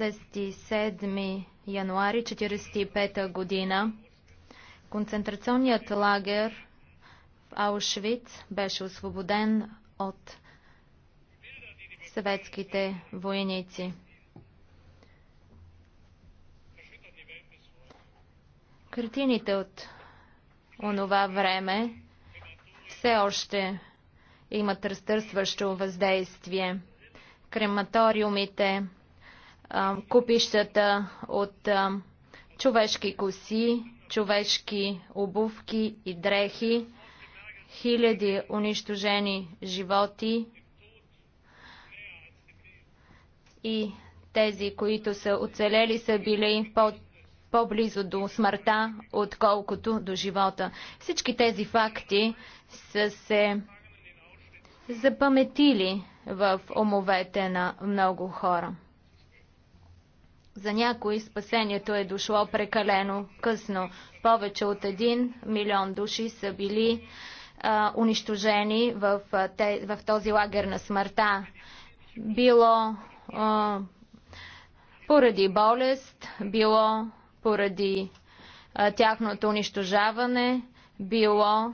27 януари 1945 година концентрационният лагер в Аушвиц беше освободен от съветските войници. Картините от онова време все още имат разтърсващо въздействие. Крематориумите, купищата от човешки коси, човешки обувки и дрехи, хиляди унищожени животи и тези, които са оцелели, са били по-близо до смъртта, отколкото до живота. Всички тези факти са се запаметили в умовете на много хора. За някои спасението е дошло прекалено късно. Повече от един милион души са били а, унищожени в, те, в този лагер на смърта. Било а, поради болест, било поради а, тяхното унищожаване, било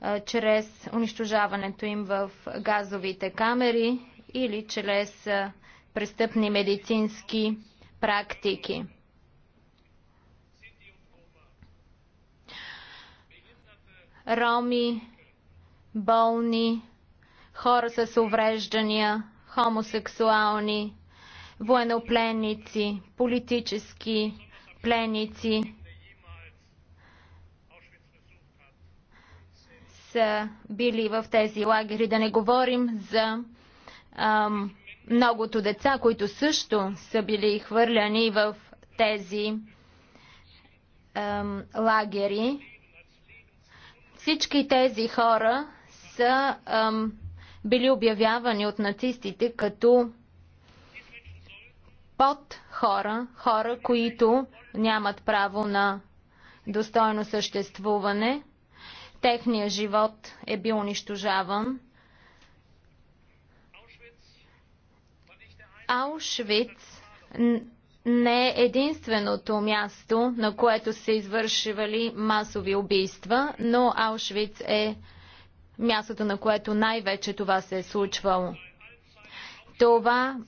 а, чрез унищожаването им в газовите камери или чрез а, престъпни медицински практики. Роми, болни, хора с увреждания, хомосексуални, военнопленници, политически пленници са били в тези лагери. Да не говорим за ам, многото деца, които също са били хвърляни в тези ем, лагери. Всички тези хора са ем, били обявявани от нацистите като под хора, хора, които нямат право на достойно съществуване. Техният живот е бил унищожаван. Аушвиц не е единственото място, на което се извършвали масови убийства, но Аушвиц е мястото, на което най-вече това се е случвало. Това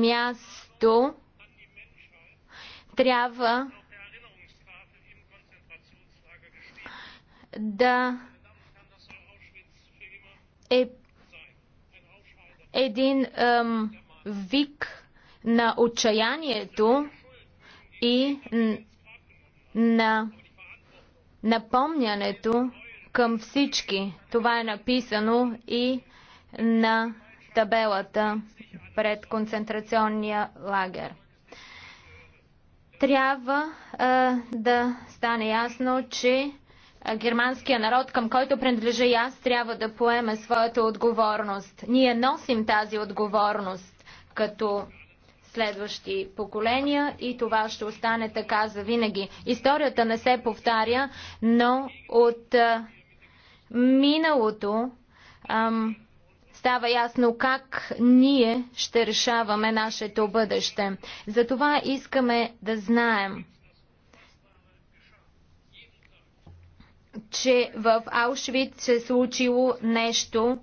място трябва да е един ем, вик на отчаянието и на напомнянето към всички. Това е написано и на табелата пред концентрационния лагер. Трябва а, да стане ясно, че германския народ, към който принадлежа и аз, трябва да поеме своята отговорност. Ние носим тази отговорност като следващи поколения и това ще остане така за винаги. Историята не се повтаря, но от миналото ам, става ясно как ние ще решаваме нашето бъдеще. Затова искаме да знаем, че в Аушвиц се е случило нещо,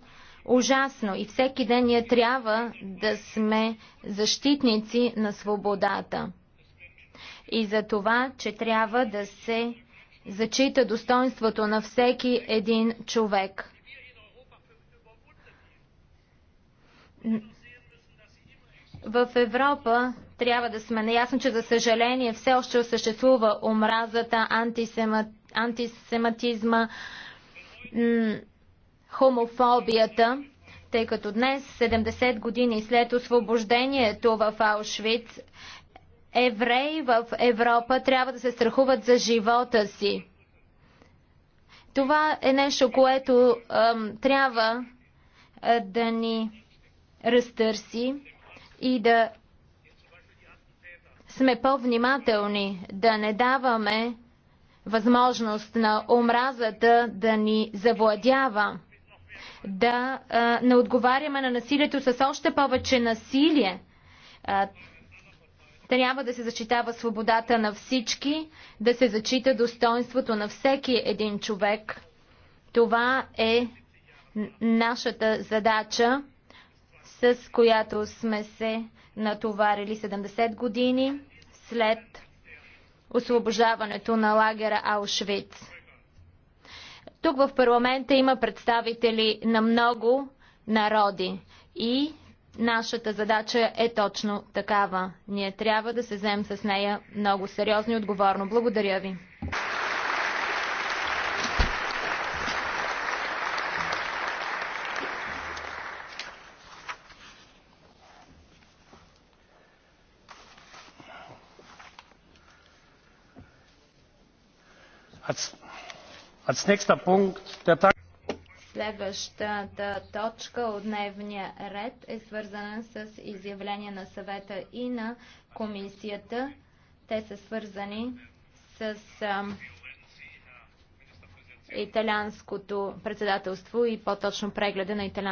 ужасно и всеки ден ние трябва да сме защитници на свободата. И за това, че трябва да се зачита достоинството на всеки един човек. В Европа трябва да сме наясно, че за съжаление все още съществува омразата, антисемат, антисематизма, хомофобията, тъй като днес, 70 години след освобождението в Аушвиц, евреи в Европа трябва да се страхуват за живота си. Това е нещо, което ам, трябва а, да ни разтърси и да сме по-внимателни, да не даваме възможност на омразата да ни завладява да а, не отговаряме на насилието с още повече насилие. А, трябва да се зачитава свободата на всички, да се зачита достоинството на всеки един човек. Това е нашата задача, с която сме се натоварили 70 години след освобождаването на лагера Аушвиц. Тук в парламента има представители на много народи и нашата задача е точно такава. Ние трябва да се вземем с нея много сериозно и отговорно. Благодаря ви. That's Следващата точка от дневния ред е свързана с изявление на съвета и на комисията. Те са свързани с италианското председателство и по-точно прегледа на италианското